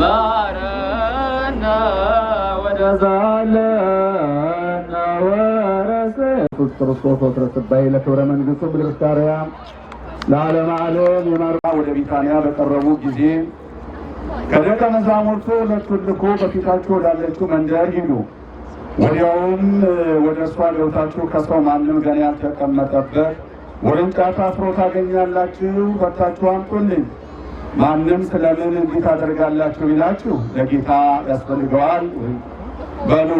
ማረነ ወደ ዛለነ ወረሰ ለክብረ መንግሥቱ ብልብስታሪያ ለዓለም ዓለም የመራ ወደ ቢታንያ በቀረቡ ጊዜ ከደቀ መዛሙርቱ ሁለቱን ልኮ በፊታችሁ ወዳለችው መንደር ሂዱ፣ ወዲያውም ወደ እሷ ገብታችሁ ከሰው ማንም ገና ያልተቀመጠበት ውርንጫ ታስሮ ታገኛላችሁ፣ ፈታችሁ አምጡልኝ ማንም ስለምን እንዲህ ታደርጋላችሁ ይላችሁ ለጌታ ያስፈልገዋል በሉ።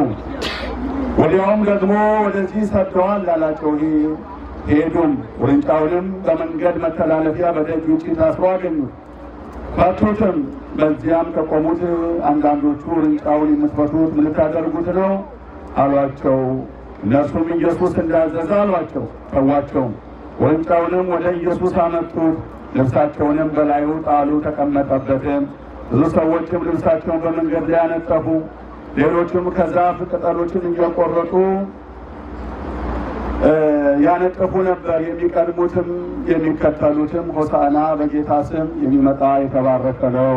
ወዲያውም ደግሞ ወደዚህ ሰደዋል ላላቸው ሄዱም ውርንጫውንም በመንገድ መተላለፊያ በደጅ ውጭ ታስሮ አገኙት፣ ፈቱትም። በዚያም ከቆሙት አንዳንዶቹ ውርንጫውን የምትፈቱት ምን ታደርጉት ነው አሏቸው። እነርሱም ኢየሱስ እንዳዘዘ አሏቸው። ተዋቸውም፣ ውርንጫውንም ወደ ኢየሱስ አመጡት። ልብሳቸውንም በላዩ ጣሉ፣ ተቀመጠበትም። ብዙ ሰዎችም ልብሳቸውን በመንገድ ላይ አነጠፉ። ሌሎችም ከዛፍ ቅጠሎችን እየቆረጡ ያነጥፉ ነበር። የሚቀድሙትም የሚከተሉትም ሆሳዕና በጌታ ስም የሚመጣ የተባረከ ነው፣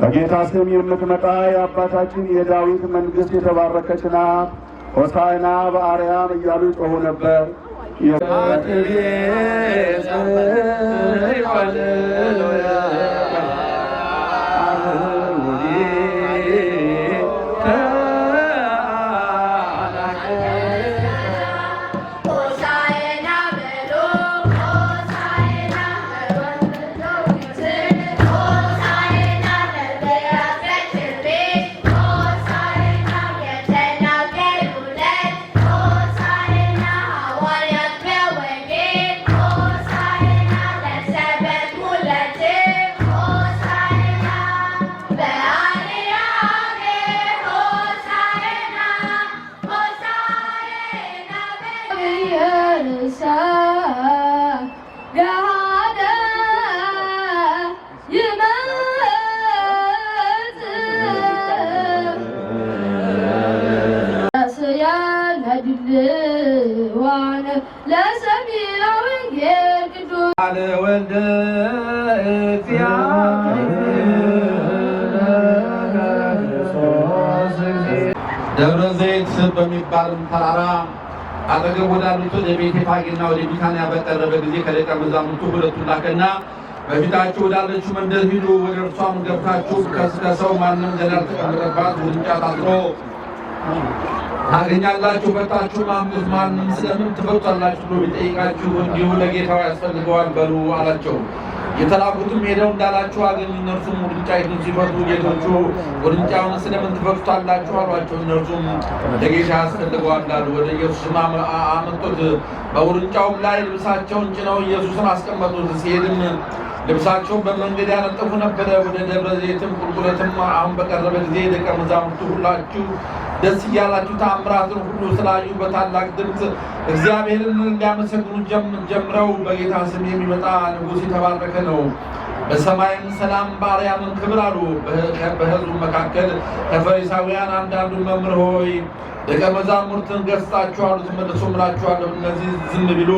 በጌታ ስም የምትመጣ የአባታችን የዳዊት መንግስት የተባረከች ናት፣ ሆሳዕና በአርያም እያሉ ጮሁ ነበር። Ya Rabbi, Ya Rabbi, Ya Rabbi, Ya Rabbi, Ya ደብረ ዘይት በሚባልም ተራራ አጠገብ ወዳሉትን የቤተ ፋጌና ወደ ቢታንያ በቀረበ ጊዜ ከደቀ መዛሙርቱ ሁለቱ ላከና በፊታችሁ ወዳለችው መንደር ሂዱ፣ ወደ እርሷም ገብታችሁ ከሰው ማንም እንዳልተቀመጠባት ውርንጫ ታስሮ ታገኛላችሁ። በታችሁ ማምት ማንም ስለምን ትፈቱታላችሁ ብሎ ቢጠይቃችሁ እንዲሁ ለጌታው ያስፈልገዋል በሉ አላቸው። የተላኩትም ሄደው እንዳላችሁ አገኙ። እነርሱም ውርንጫይቱን ሲፈቱ ጌቶቹ ውርንጫውን ስለምን ትፈቱታላችሁ አሏቸው። እነርሱም ለጌሻ አስፈልገዋል አሉ። ወደ ኢየሱስም አመጡት። በውርንጫውም ላይ ልብሳቸውን ጭነው ኢየሱስን አስቀመጡት። ሲሄድም ልብሳቸውን በመንገድ ያነጠፉ ነበረ። ወደ ደብረ ዘይትም ቁልቁለትም አሁን በቀረበ ጊዜ ደቀ መዛሙርቱ ሁላችሁ ደስ እያላችሁ ታምራትን ሁሉ ስላዩ በታላቅ ድምፅ እግዚአብሔርን እንዲያመሰግኑ ጀምረው በጌታ ስም የሚመጣ ንጉሥ የተባረከ ነው፣ በሰማይም ሰላም በአርያምን ክብር አሉ። በሕዝቡ መካከል ከፈሪሳውያን አንዳንዱ መምህር ሆይ ደቀ መዛሙርትን ገዝታችሁ አሉት። መልሶ እነዚህ ዝም ቢሉ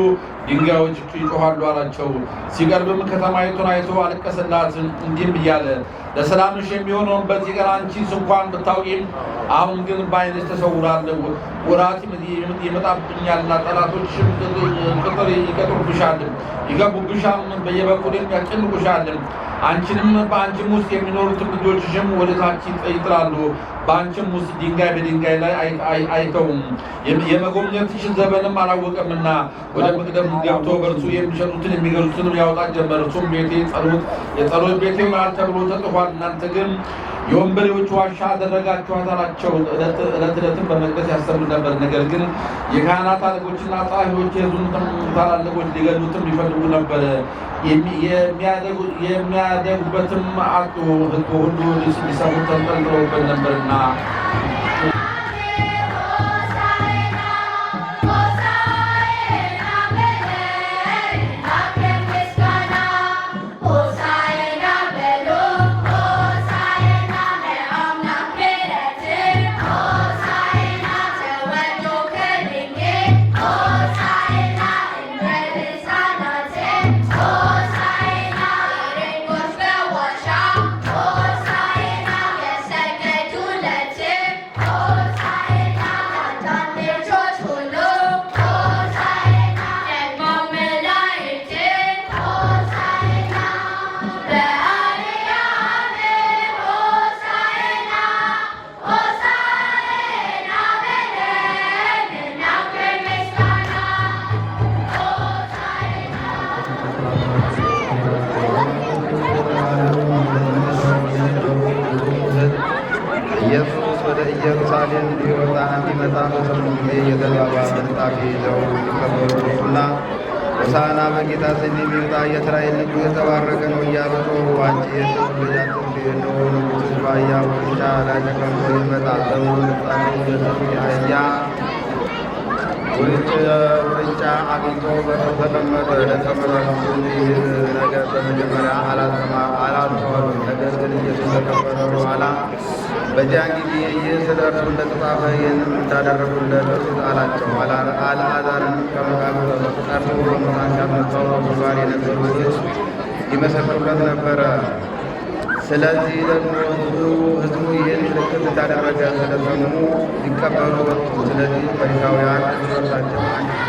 ድንጋዮች ይጮኻሉ አላቸው። ሲቀርብም ከተማይቱን አይቶ አለቀሰላት፣ እንዲህም እያለ ለሰላምሽ የሚሆነውን በዚህ ቀን አንቺስ እንኳን ብታውቂም፣ አሁን ግን በዓይንሽ ተሰውሯል። ወራት ይመጣብኛልና ጠላቶች ቅጥር ይቀጥሩብሻል፣ ይገቡብሻል፣ በየበኩል ያስጨንቁሻል። አንቺንም በአንቺም ውስጥ የሚኖሩት ልጆችሽም ወደ ታች ይጥላሉ፣ በአንቺም ውስጥ ድንጋይ በድንጋይ ላይ አይተውም፣ የመጎብኘትሽን ዘመንም አላወቀምና ወደ መቅደም ገብቶ በእርሱ የሚሸጡትን የሚገዙትንም ያወጣ ጀመር። እርሱም ቤቴ ጸሎት የጸሎት ቤቴ ይሆናል ተብሎ ተጽፏል፣ እናንተ ግን የወንበዴዎች ዋሻ አደረጋችኋት አላቸው። ዕለት ዕለትም በመቅደስ ያስተምር ነበር። ነገር ግን የካህናት አለቆችና ጸሐፊዎች የሕዝቡን ታላላቆች ሊገሉትም ይፈልጉ ነበር። የሚያደጉበትም አጡ። ሕግ ሁሉ ሊሰሙ ተንጠልጥለውበት ነበርና ኢየሩሳሌም ሊወጣ እንዲመጣ በሰሙ ጊዜ የተባባሉ ታፌዘው ሊከበሩ ሱና ሆሳዕና በጌታ ስም የሚወጣ የእስራኤል ልጁ የተባረከ ነው እያበጡ ዋንጭ የሰው ልጃት እንዲሆነ ንጉሥ ባያ ውርሻ ላይ ተቀምጦ ይመጣል። ዘመኑ ፍጻሜ የሰው የአህያ ውርጫ መጥቶ በተለመደ ለተመራሱ ይህን ነገር በመጀመሪያ አላልተዋሉም። ነገር ግን ኢየሱስ ከከበረ በኋላ በዚያን ጊዜ ይህ ስለ እርሱ እንደተጻፈ ይህንም እንዳደረጉለት እርሱት አላቸው። አልዓዛርንም ከመቃብር ጠርቶ በሙታን ካስነሳው ከእርሱ የነበሩ የነበሩት ይመሰክሩለት ነበረ። ስለዚህ ደግሞ ህዝቡ ይህን ምልክት እንዳደረገ ስለሰሙ ሊቀበሉ ወጡ። ስለዚህ ፈሪሳውያን እርስ በርሳቸው